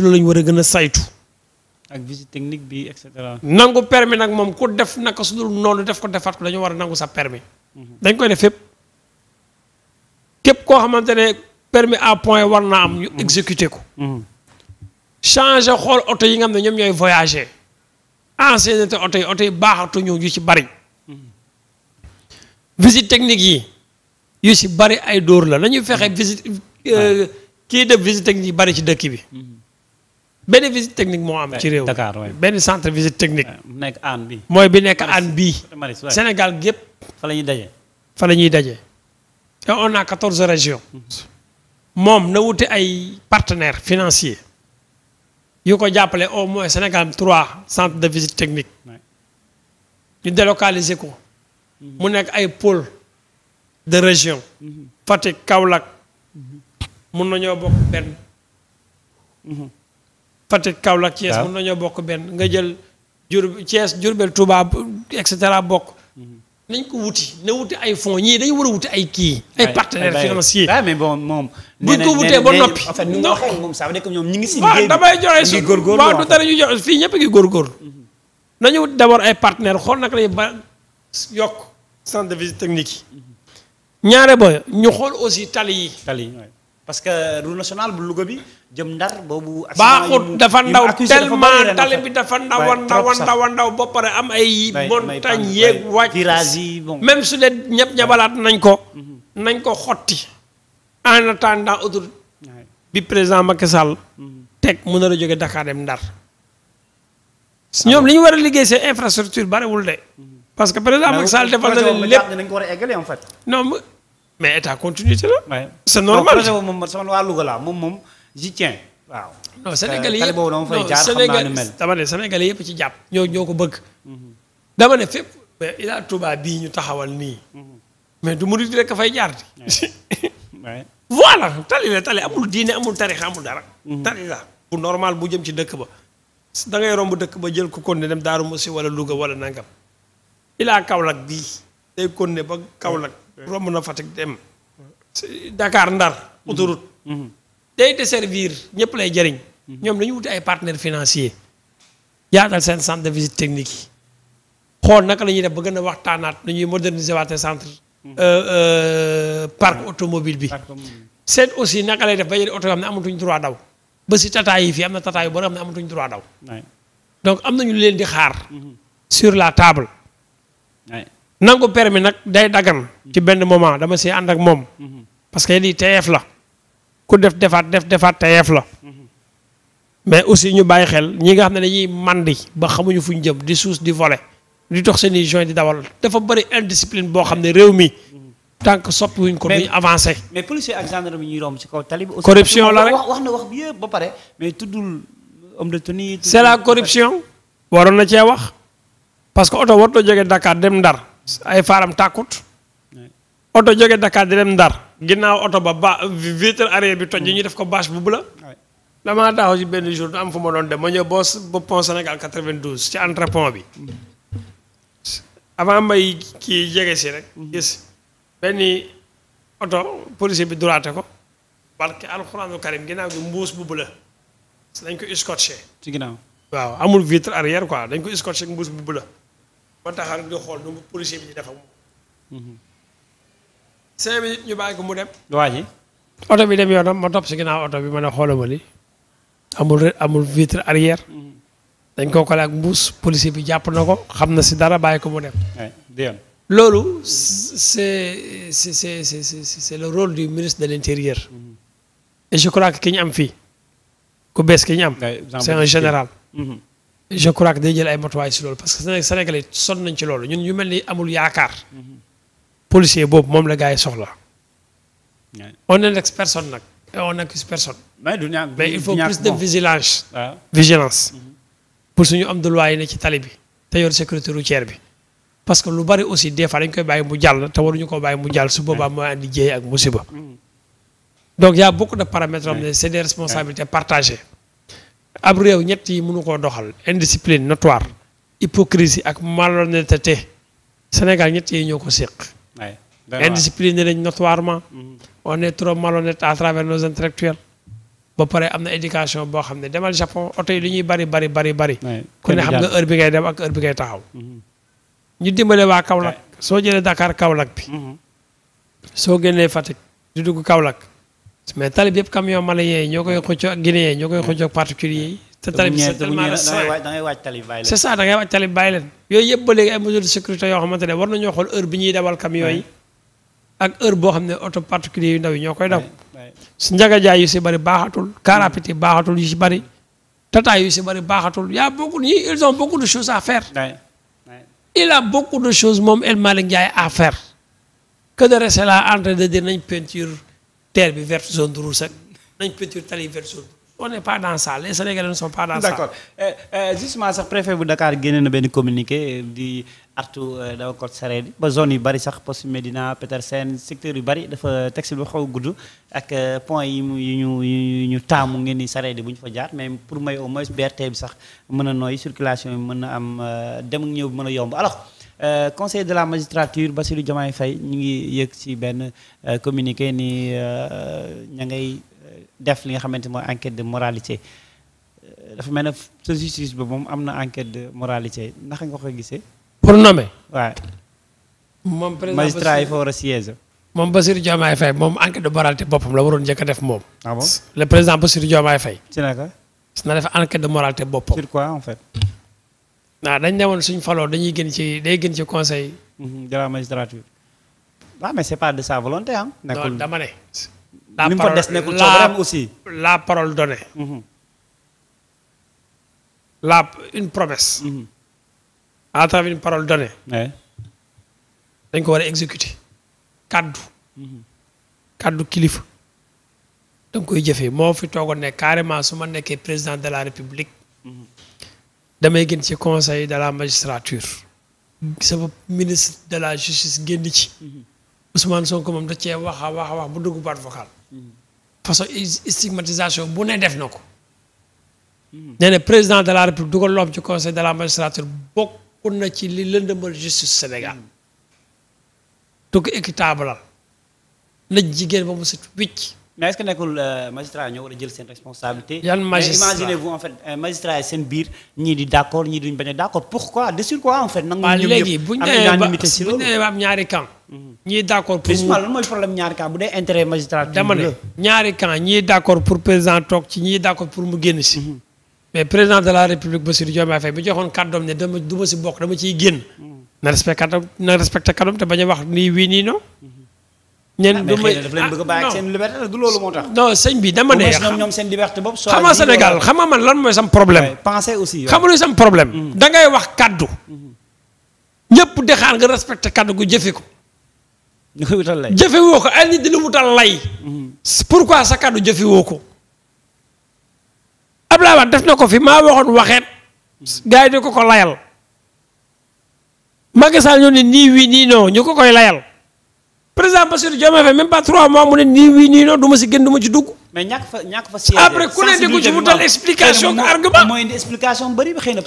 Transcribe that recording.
ci loolu la ñu war a gën a saytu. ak visite technique bi et cetera. nangu permis nag moom ku def naka su dul noonu def ko defaat ko dañoo war a nangu sa permis mhm. dañ koy def fépp képp koo xamante ne permis à point war naa am. ñu mhm. exécuté ko. Mhm. changé xool oto yi nga xam ne ñoom ñooy voyagé. ancienneté oto yi oto yi baaxatuñu yu ci bari. visite technique yi yu ci bari ay dóor la nañu fexe visite euh, kii def visite technique bari ci dëkk bi. benn technique moo am. Eh, ci réew mi benn centre visite technique. Eh, nekk aan bi mooy bi nekk aan bii. Sénégal gépp fa la ñuy daje. fa la ñuy daje. on a quatorze régions. Mhm. moom na wuti ay partenaires financier yu ko jàppale au moins Sénégal trois centre de visite technique. ñu délocaliser ko. Mhm. mu nekk ay pôle de région. Mhm. Fatick Kaolack. mun nañoo bokk benn. Fatick Kaolack Thiès ah. mën nañoo bokk benn nga jël jur Thiès Jurbel tubaab et cetera bokk mhm. nañ ko wuti na wuti ay fonds ñii dañu war a wuti ay kii ay partenaires financiers ah, mais bon moom buñ ko wutee ba noppi en fait nga waxee moom ça veut que ñoom ñi ngi si liggéey damay joxe su waaw du dara fii ñëpp ngi góorgóorlu mhm. nañu wut d'abord ay partenaires xool naka lay ba yokk centre de visite technique yi mhm. ñaare ba ñu xool aussi tali yi tali yi parce que route nationale bu Louga bi jëm Ndar boobu. baaxut dafa ndaw tellement tali am ay. montagne yi bon. même su nañ ko. Mhm. nañ ko xotti. en attendant autoroute bi président Macky Sall. Mhm. jóge Dakar dem ah li ñu war a liggéey seen mhm. que defal na leen lépp non mais état continuité la. c'est normal projet boobu moom man sama waa Louga laa moom moom j'y Sénégal yi yëpp ci jàpp. ñoo ñoo ko bëgg. Mhm. dama ne fépp. mais Ila bii ñu taxawal nii. Mhm. mais du murid rek fay jaar di. voilà tali la tali amul diine amul tarixa amul dara. Mhm. tali la bu normal bu jëm ci dëkk ba. da romb dëkk ba jël ko kon ne dem Daaru Musi wala Louga wala Nangam. Ila Kaolack bii day kon ne ba Kaolack. romb na Fatick dem dakaar Ndar autoroute day desservir ñëpp lay jëriñ ñoom dañu wuti ay partenaires financiers yaatal seen centre de visite technique yi xool naka la ñuy def ba gën a waxtaanaat nu ñuy moderniser waate centre euh, euh, parc automobile bi seet aussi naka lay def ba yéen oto yoo xam ne amatuñ droit daw ba si tataay yi fii am na tataay yu bari xam ne amatuñ droit daw donc am nañu leen di xaar mm-hmm. sur la table nangu permis nag day dagan ci benn moment dama si ànd ak moom parce que lii teyeef la ku def defaat def defaat teyeef la mais aussi ñu bàyyi xel ñi nga xam ne dañuy màndi ba xamuñu fu ñu jëm di suus di voler di tox seen i joint di dawal dafa bëri indiscipline boo xam ne réew mi tant sopp wuñ ko duñ avancé. mais policier ak gendarme yi ñuy romb ci kaw tali bi. corruption la rek wax na wax bi ba pare mais tuddul homme de tenue. c'est la corruption. waroon na cee wax parce que oto warut a jógee dem Ndar. ay faaram tàkkut oto joge Dakar di dem Ndar ginnaaw oto ba ba vitre arrière bi toj yi mm. ñu def ko bâche bu bula damaa taxaw ci benn jour am fu ma doon dem ma ñëw boo senegal pont Sénégal 92 ci entrepont bi mm. avant may kii jege si rek mm-hmm. gis benn oto policier bi duraate ko barke alxuraanu karim ginnaaw gi mbuus bu bula dañ ko scotché ci ginnaaw waaw amul vitre arrière quoi dañ ko scotché mbuus bu bula ba taxaw di xool nu policier bi di def ak moom. Mhm. cinq minutes ñu bàyyi ko mu dem. waa ji oto bi dem yoonam ma topp si ginnaaw oto bi ma ne xoolal ma amul amul vitre arrière. Mhm. dañ koo kale ak mbuus policier bi jàpp na ko xam na si dara bàyyi ko mu dem. loolu c'est c'est c'est c'est le role du ministre de l'intérieur. Mhm. et je crois que ki ñu am fii ku bees ki ñu am. c'est un général. je crois que day jël ay matuwaay si loolu parce que Sénégalais sonn nañ ci loolu ñun ñu mel ni amul yaakaar. policier boobu moom la gars yi soxla. on n'indexe personne nag. et on n'accuse mais du ñàkk mais il faut plus de mhm. pour suñu am de loi yi ne ci tali bi. te yor sécurité routière bi. parce que lu bari aussi des fois dañ koy bàyyi mu jàll te waruñu ko bàyyi mu jàll su boobaa mooy andi jéey ak musiba. Mhm. donc yaa a beaucoup de paramètres am ne c'est des responsabilités partagées. ab réew ñett yi mënu koo doxal indiscipline notoire hypocrisie ak malhonnêteté Sénégal ñett yi ñoo ko séq indiscipliné lañ notoirement mhm. on est trop malhonnête à travers nos intellectuels ba pare am na éducation boo xam ne demal Japon oto yi lu ñuy bari bari bari bari ku ne xam nga heure bi ngay dem ak heure bi ngay taxaw mhm. ñu dimbale waa Kaolack soo jëlee Dakar Kaolack bi mhm. soo génnee Fatick di dugg Kaolack mais talib yëpp camion malien yi ñoo koy xëccoo ak guinéen yi ñoo koy xëccoo ak particulier yi. te talib c'est tellement restreint da waaj talib bàyyi leen. yooyu yëpp ba ay mesures de sécurité yoo xamante ne war nañoo xool heure bi dawal camion yi. ak heure boo xam ne auto particulier yu ndaw yi ñoo koy daw. su njaga jaay yu si bari baaxatul. car rapide yi baaxatul yu si bari. si bari baaxatul y'a beaucoup ñii ils ont beaucoup de choses à faire. il a de choses moom El Malick Ndiaye à faire. que de nañ peinture terre bi verte zone rouge ak nañ peinture tali verte zone on n'est pas dans ça les Sénégalais ne pas dans ça. d'accord euh, euh, justement sax bu Dakar génne na benn communiqué di artu euh, dawa ko sareet yi ba zone yu bari sax poste Médina Petersen secteur yu bari dafa texte bi xaw gudd ak point yi mu yu ñu yu ñu taamu ngeen ni sareet yi bu ñu fa jaar mais pour may au moins BRT bi sax mën a nooy circulation yi mën na am dem ak ñëw mën a yomb alors. Euh, conseil de la magistrature Bassirou Diomaye fay ñu ngi yëg ci benn euh, communiqué ni euh, ña ngay def li nga xamante mooy enquête de moralité dafa mel ne sa justice ba moom am na enquête de moralité naka nga ko gisee. pour nommer. waaw. moom président magistrat yi fa war a siège. moom Bassirou Diomaye Faye moom enquête de moralité boppam la waroon njëkk def moom. ah bon le président Bassirou Diomaye Faye. ci naka. na def enquête de moralité boppam. sur quoi en fait. naa dañ ne woon suñ faloo dañuy gën ci day gën ci conseil. Mhm, de la magistrature. waaw mais c'est pas de sa volonté am ne. la parole li mu fa des nekkul coobareem aussi. la parole donnée. Mhm. la une promesse. Mhm. à travers une parole donnée. dañ ko war a exécuter. kaddu. kaddu kilifa. da nga koy jëfee moo fi toogoon ne carrément su ma nekkee président de la république. damay génn ci conseil de la magistrature sama ministre de la justice génn ci mhm. Ousmane Sonko moom da cee wax a wax a wax bu dugg baat vocal façon stigmatisation bu ne def na ko mhm. nee na président de la république dugal loom ci conseil de la magistrature bokk na ci li lëndëmal justice Sénégal mhm. du ko na jigéen ba mu set wicc mais est-ce que nekkul euh, magistrat ñoo war a jël seen responsabilité. yan magistrat mais euh, yi seen biir ñii di d'accord ñii duñ bañ a d'accord pourquoi de sur quoi en fait. nangu ñoom ñëpp bu ñu ba ñaari camp. ñii d'accord pour président toog ci ñii d'accord pour mu génn si. Mhm. mais président de la république Bassirou Diomaye Faye bu joxoon kàddoom ne dama si bokk dama ciy génn. Mhm. na respecté kàddoom na bañ a wax nii wii nii non. Mhm. ñenn ah, du may daf leen ah, bëgg a seen loolu moo tax. non sëñ bi dama ne. xam ñoom seen liberté boobu. xam nga Sénégal xam nga man lan mooy sam problème. pensé aussi xam nga sam problème. Mm. da ngay wax kaddu. Mm-hmm. ñëpp di xaar nga respecté kaddu gu jëfe ko. ñu koy wutal lay jëfe woo ko ay nit di la wutal lay. Mm-hmm. pourquoi sa kaddu jëfe woo ko. Abdoulaye Wade def na ko fi maa waxoon waxeet. gars yi di ko ko layal. Macky Sall ñu ne nii wii nii non ñu ko koy layal. président Bassirou Diomaye Faye même pas trois mois mu ne nii wii nii noonu du si génn du ma dugg. mais ñàkk fa ñàkk fa après ku ne déglu ci wutal explication ak argument. mooy indi explication bëri bi xëy na.